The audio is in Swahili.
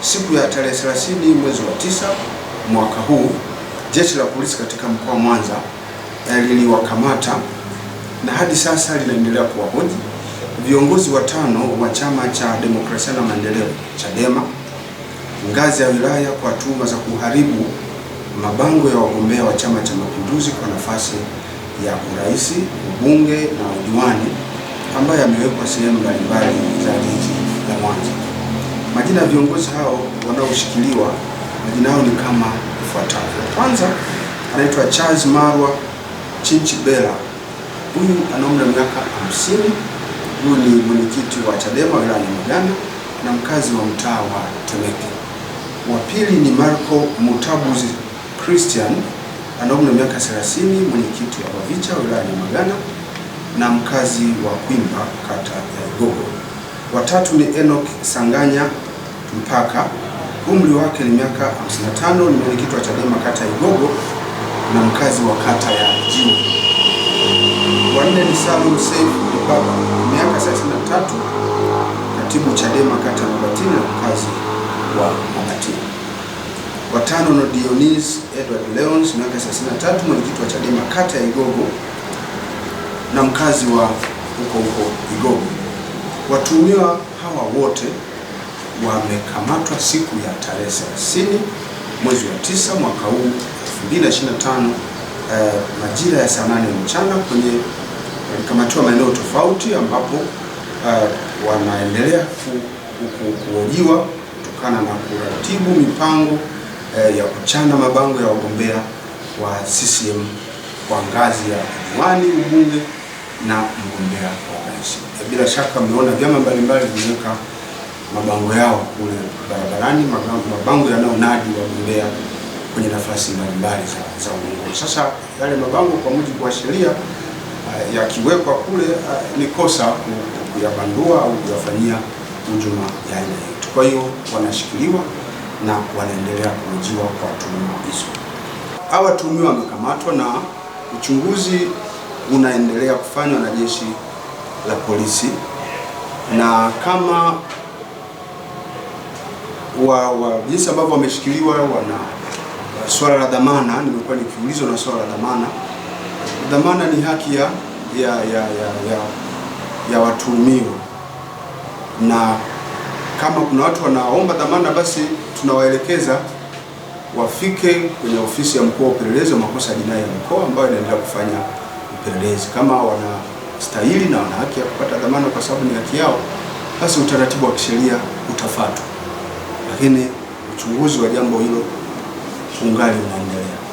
siku ya tarehe 30 mwezi wa tisa mwaka huu jeshi la polisi katika mkoa wa Mwanza eh, liliwakamata na hadi sasa linaendelea kuwahoji viongozi watano wa Chama cha Demokrasia na Maendeleo Chadema ngazi ya wilaya kwa tuhuma za kuharibu mabango ya wagombea wa Chama cha Mapinduzi kwa nafasi ya urais, ubunge na udiwani ambayo yamewekwa sehemu mbalimbali za jiji la Mwanza. Majina ya viongozi hao wanaoshikiliwa, majina yao ni kama ifuatavyo. Kwanza anaitwa Charles Marwa Chinchibela, huyu ana umri wa miaka 50. Huyu ni mwenyekiti wa Chadema wilaya ya Nyamagana na mkazi wa mtaa wa Temeke. Wa pili ni Marco Mutabuzi Christian, ana umri wa miaka 30, mwenyekiti wa Bavicha wilaya ya Nyamagana na mkazi wa Kwimba kata ya Igogo. Watatu ni Enoch Sanganya mpaka umri wake ni miaka 55, ni mwenyekiti wa Chadema kata ya Igogo na mkazi wa kata ya Jini. Wanne ni Salum Seif Lipapa, miaka 33, katibu Chadema kata ya Mabatini na mkazi wa Mabatini. Watano ni Dionis Edward Leons, miaka 33, mwenyekiti wa Chadema kata ya Igogo na mkazi wa huko huko Igogo. Watuhumiwa hawa wote wamekamatwa siku ya tarehe 30 mwezi wa tisa mwaka huu 2025 eh, majira ya saa nane mchana kwenye walikamatiwa maeneo tofauti ambapo eh, wanaendelea kuhojiwa kutokana na kuratibu mipango eh, ya kuchana mabango ya wagombea wa CCM kwa ngazi ya udiwani, ubunge na mgombea wa urais. Eh, bila shaka mmeona vyama mbalimbali vimeweka mabango yao kule barabarani, mabango yanayonadi wagombea kwenye nafasi mbalimbali za, za uongozi. Sasa yale mabango kwa mujibu wa sheria uh, yakiwekwa kule uh, ni kosa kuyabandua au kuyafanyia hujuma ya aina yetu. Kwa hiyo wanashikiliwa na wanaendelea kuhojiwa kwa tuhuma hizo. Hawa watuhumiwa wamekamatwa na uchunguzi unaendelea kufanywa na jeshi la polisi na kama wa, wa jinsi ambavyo wameshikiliwa wana uh, swala la dhamana. Nimekuwa nikiulizwa na swala la dhamana. Dhamana ni haki ya ya ya ya, ya watuhumiwa, na kama kuna watu wanaomba dhamana, basi tunawaelekeza wafike kwenye ofisi ya mkuu wa upelelezi wa makosa ya jinai ya mkoa ambayo inaendelea kufanya upelelezi. Kama wanastahili na wana haki ya kupata dhamana kwa sababu ni haki yao, basi utaratibu wa kisheria utafuatwa lakini uchunguzi wa jambo hilo ungali unaendelea.